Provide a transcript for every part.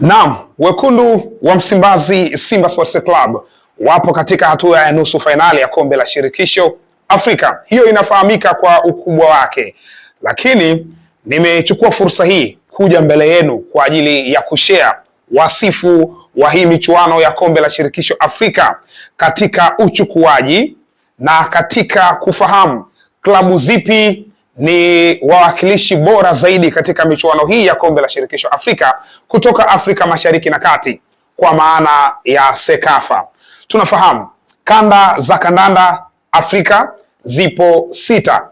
Naam, wekundu wa Msimbazi Simba Sports Club wapo katika hatua ya nusu fainali ya kombe la shirikisho Afrika. Hiyo inafahamika kwa ukubwa wake, lakini nimechukua fursa hii kuja mbele yenu kwa ajili ya kushare wasifu wa hii michuano ya kombe la shirikisho Afrika katika uchukuaji na katika kufahamu klabu zipi ni wawakilishi bora zaidi katika michuano hii ya kombe la shirikisho Afrika kutoka Afrika Mashariki na Kati kwa maana ya Sekafa. Tunafahamu kanda za kandanda Afrika zipo sita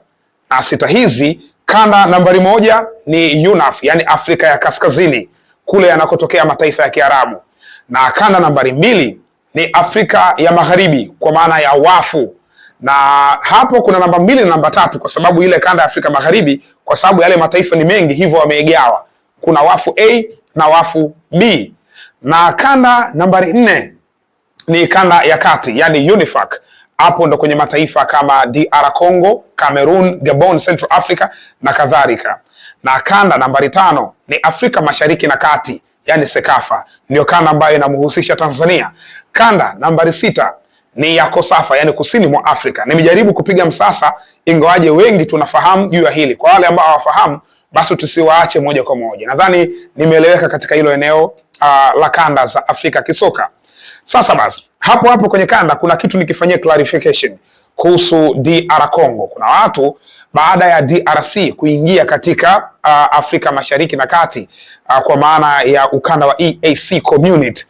na sita hizi, kanda nambari moja ni UNAF, yani Afrika ya Kaskazini kule yanakotokea mataifa ya Kiarabu, na kanda nambari mbili ni Afrika ya Magharibi kwa maana ya Wafu na hapo kuna namba mbili na namba tatu, kwa sababu ile kanda ya Afrika Magharibi, kwa sababu yale mataifa ni mengi, hivyo wameegawa. Kuna wafu A na wafu B, na kanda nambari nne ni kanda ya kati, yani UNIFAC. Hapo ndo kwenye mataifa kama DR Congo, Cameroon, Gabon, Central Africa na kadhalika. Na kanda nambari tano ni Afrika Mashariki na Kati, yani SEKAFA, ndio kanda ambayo inamhusisha Tanzania. Kanda nambari sita ni yako safa, yani kusini mwa Afrika. Nimejaribu kupiga msasa, ingawaje wengi tunafahamu juu ya hili. Kwa wale ambao hawafahamu, basi tusiwaache moja kwa moja. Nadhani nimeeleweka katika hilo eneo uh, la kanda za Afrika kisoka. Sasa basi, hapo hapo kwenye kanda kuna kitu nikifanyia clarification kuhusu DR Congo. Kuna watu baada ya DRC kuingia katika uh, Afrika Mashariki na Kati uh, kwa maana ya ukanda wa EAC community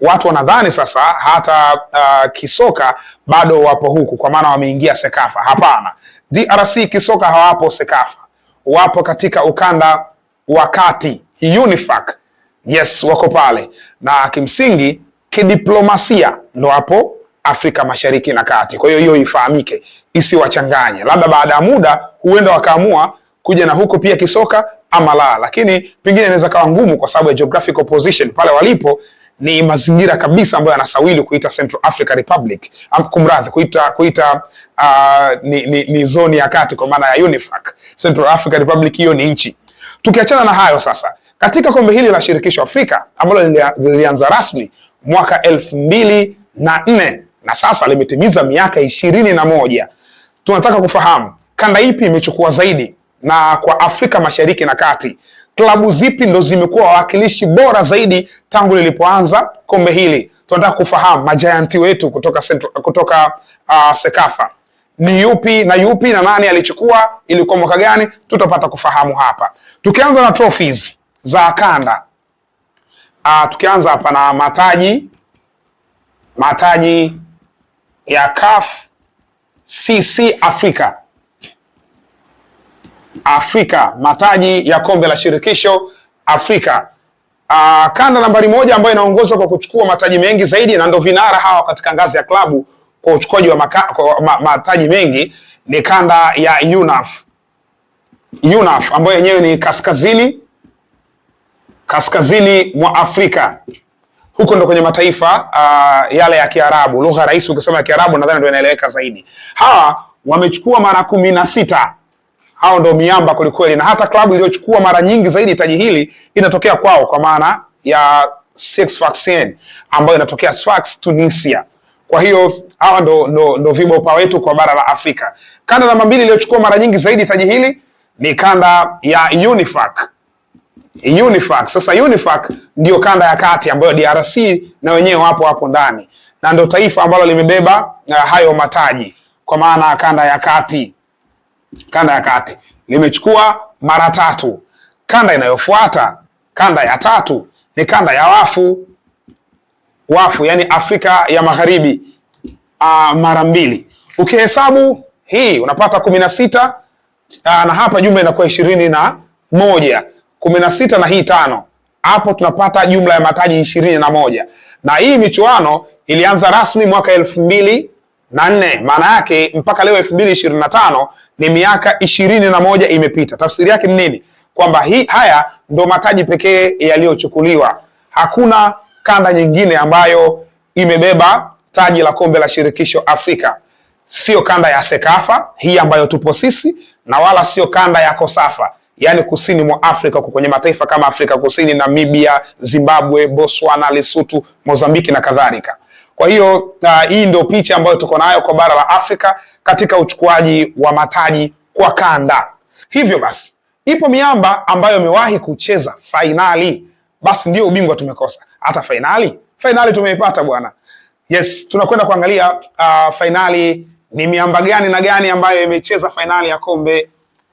watu wanadhani sasa hata uh, kisoka bado wapo huku, kwa maana wameingia Sekafa. Hapana, DRC kisoka hawapo Sekafa, wapo katika ukanda wa kati UNIFAC. Yes, wako pale na kimsingi kidiplomasia ndo hapo Afrika Mashariki na Kati. Kwa hiyo hiyo ifahamike, isiwachanganye. Labda baada ya muda huenda wakaamua kuja na huku pia kisoka ama la, lakini pengine inaweza kawa ngumu kwa sababu ya geographical position pale walipo ni mazingira kabisa ambayo yanasawili kuita Central Africa Republic, kumradhi, kuita kuita uh, ni, ni, ni zoni ya kati kwa maana ya UNIFAC. Central Africa Republic hiyo ni nchi. Tukiachana na hayo sasa, katika kombe hili la shirikisho Afrika ambalo lilianza rasmi mwaka elfu mbili na nne na sasa limetimiza miaka ishirini na moja tunataka kufahamu kanda ipi imechukua zaidi na kwa Afrika Mashariki na Kati klabu zipi ndo zimekuwa wawakilishi bora zaidi tangu lilipoanza kombe hili? Tunataka kufahamu majayanti wetu kutoka central, kutoka uh, Sekafa ni yupi na yupi na nani alichukua, ilikuwa mwaka gani? Tutapata kufahamu hapa, tukianza na trophies za kanda uh, tukianza hapa na mataji mataji ya CAF CC Africa Afrika, mataji ya kombe la shirikisho Afrika. Uh, kanda nambari moja ambayo inaongozwa kwa kuchukua mataji mengi zaidi na ndo vinara hawa katika ngazi ya klabu kwa uchukuaji wa maka, kwa ma, mataji mengi ni kanda ya UNAF. UNAF ambayo yenyewe ni kaskazini kaskazini mwa Afrika. Huko ndo kwenye mataifa uh, yale ya Kiarabu. Lugha rahisi ukisema ya Kiarabu nadhani ndio inaeleweka zaidi. Hawa wamechukua mara kumi na sita hao ndio miamba kwelikweli, na hata klabu iliyochukua mara nyingi zaidi taji hili inatokea kwao kwa maana ya Sfax Sfaxien ambayo inatokea Sfax Tunisia. Kwa hiyo hawa ndo, ndo, ndo vibopa wetu kwa bara la Afrika. Kanda namba mbili iliyochukua mara nyingi zaidi taji hili ni kanda ya UNIFAC. UNIFAC. Sasa UNIFAC ndio kanda ya kati ambayo DRC na wenyewe wapo hapo ndani na ndo taifa ambalo limebeba eh, hayo mataji kwa maana kanda ya kati kanda ya kati limechukua mara tatu. Kanda inayofuata kanda ya tatu ni kanda ya wafu wafu, yani Afrika ya Magharibi uh, mara mbili. Ukihesabu hii unapata kumi na sita uh, na hapa jumla inakuwa ishirini na moja kumi na sita na hii tano, hapo tunapata jumla ya mataji ishirini na moja na hii michuano ilianza rasmi mwaka elfu mbili na nne. Maana yake mpaka leo elfu mbili ishirini na tano ni miaka ishirini na moja imepita. Tafsiri yake ni nini? Kwamba hii haya ndo mataji pekee yaliyochukuliwa. Hakuna kanda nyingine ambayo imebeba taji la kombe la shirikisho Afrika, sio kanda ya Sekafa hii ambayo tupo sisi, na wala sio kanda ya Kosafa yaani kusini mwa Afrika huko kwenye mataifa kama Afrika Kusini, Namibia, Zimbabwe, Botswana, Lesotho, Mozambiki na kadhalika. Kwa hiyo uh, hii ndio picha ambayo tuko nayo kwa bara la Afrika katika uchukuaji wa mataji kwa kanda. Hivyo basi ipo miamba ambayo imewahi kucheza fainali, basi ndio ubingwa tumekosa. Hata fainali fainali tumeipata bwana. Yes, tunakwenda kuangalia uh, fainali ni miamba gani na gani ambayo imecheza fainali ya kombe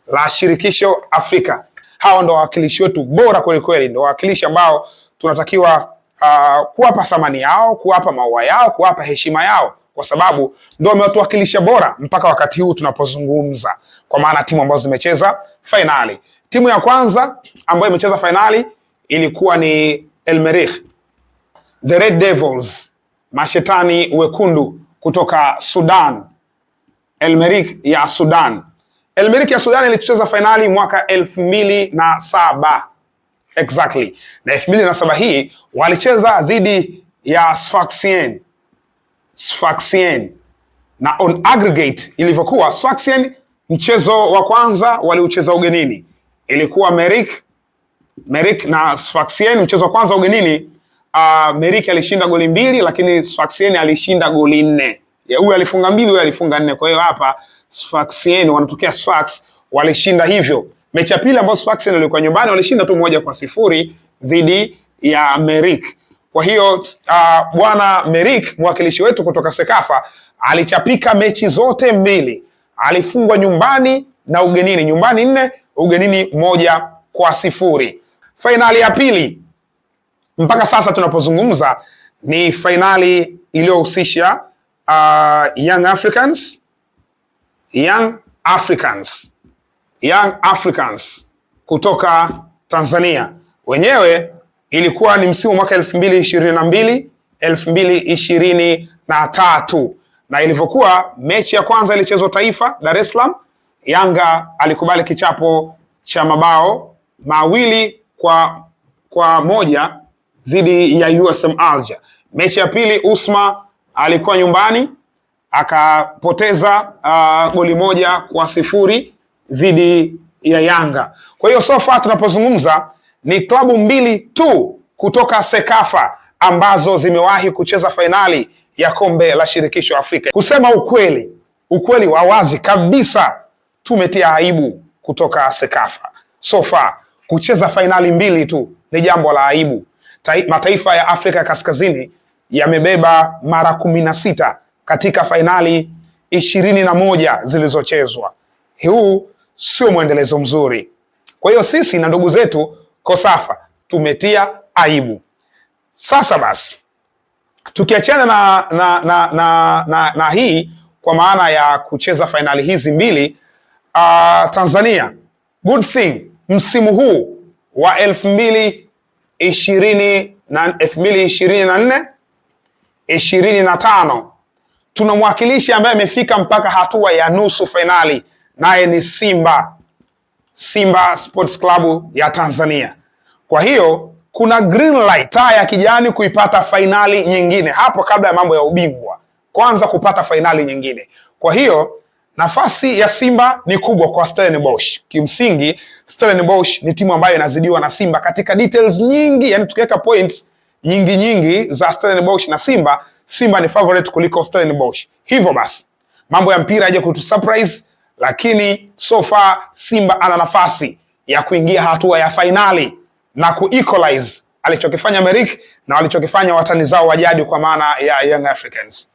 la shirikisho Afrika. Hawa ndo wawakilishi wetu bora kwelikweli, ndo wawakilishi ambao tunatakiwa uh, kuwapa thamani yao, kuwapa maua yao, kuwapa heshima yao kwa sababu ndio wametuwakilisha bora mpaka wakati huu tunapozungumza, kwa maana timu ambazo zimecheza fainali. Timu ya kwanza ambayo imecheza fainali ilikuwa ni El Merrikh The Red Devils, mashetani wekundu kutoka Sudan, El Merrikh ya Sudan. El Merrikh ya Sudan ilicheza fainali mwaka elfu mbili na saba exactly. Na elfu mbili na saba hii walicheza dhidi ya Sfaxien. Sfaxien. Na on aggregate ilivyokuwa Sfaxien, mchezo wa kwanza waliucheza ugenini, ilikuwa Merik, Merik na Sfaxien, mchezo wa kwanza ugenini. Uh, Merik alishinda goli mbili, lakini Sfaxien alishinda goli nne. Huyu alifunga mbili, huyu alifunga nne. Kwa hiyo hapa Sfaxien wanatokea Sfax walishinda hivyo Mechi ya pili ambayo Sfaxien walikuwa nyumbani walishinda tu moja kwa sifuri dhidi ya Merik. Kwa hiyo ah, bwana uh, Merik mwakilishi wetu kutoka Sekafa alichapika mechi zote mbili, alifungwa nyumbani na ugenini, nyumbani nne, ugenini moja kwa sifuri. Fainali ya pili mpaka sasa tunapozungumza ni fainali iliyohusisha uh, Young Africans Young Africans Young Africans kutoka Tanzania. Wenyewe ilikuwa ni msimu mwaka elfu mbili ishirini na mbili elfu mbili ishirini na tatu na ilivyokuwa mechi ya kwanza ilichezwa Taifa Dar es Salaam, Yanga alikubali kichapo cha mabao mawili kwa, kwa moja dhidi ya USM Alger. Mechi ya pili Usma alikuwa nyumbani akapoteza uh, goli moja kwa sifuri dhidi ya Yanga. Kwa hiyo sofa tunapozungumza ni klabu mbili tu kutoka Sekafa ambazo zimewahi kucheza fainali ya kombe la shirikisho Afrika. Kusema ukweli, ukweli wa wazi kabisa, tumetia aibu kutoka Sekafa. Sofa kucheza fainali mbili tu ni jambo la aibu. Mataifa ya Afrika Kaskazini yamebeba mara kumi na sita katika fainali ishirini na moja zilizochezwa. Huu sio mwendelezo mzuri. Kwa hiyo sisi na ndugu zetu Kosafa tumetia aibu. Sasa basi tukiachana na, na, na, na, na, na hii kwa maana ya kucheza fainali hizi mbili uh, Tanzania good thing msimu huu wa elfu mbili ishirini na elfu mbili ishirini na nne ishirini na tano ambaye amefika mpaka hatua ya nusu fainali naye ni Simba, Simba Sports Club ya Tanzania. Kwa hiyo kuna green light, taa ya kijani kuipata fainali nyingine hapo, kabla ya mambo ya ubingwa, kwanza kupata fainali nyingine. Kwa hiyo nafasi ya Simba ni kubwa kwa Stellenbosch. Kimsingi Stellenbosch ni timu ambayo inazidiwa na Simba katika details nyingi, yani tukiweka points nyingi nyingi za Stellenbosch na Simba, Simba ni favorite kuliko Stellenbosch. Hivyo basi mambo ya mpira aje kutu surprise lakini sofa Simba ana nafasi ya kuingia hatua ya fainali na kuequalize alichokifanya Merik na walichokifanya watani zao wa jadi kwa maana ya Young Africans.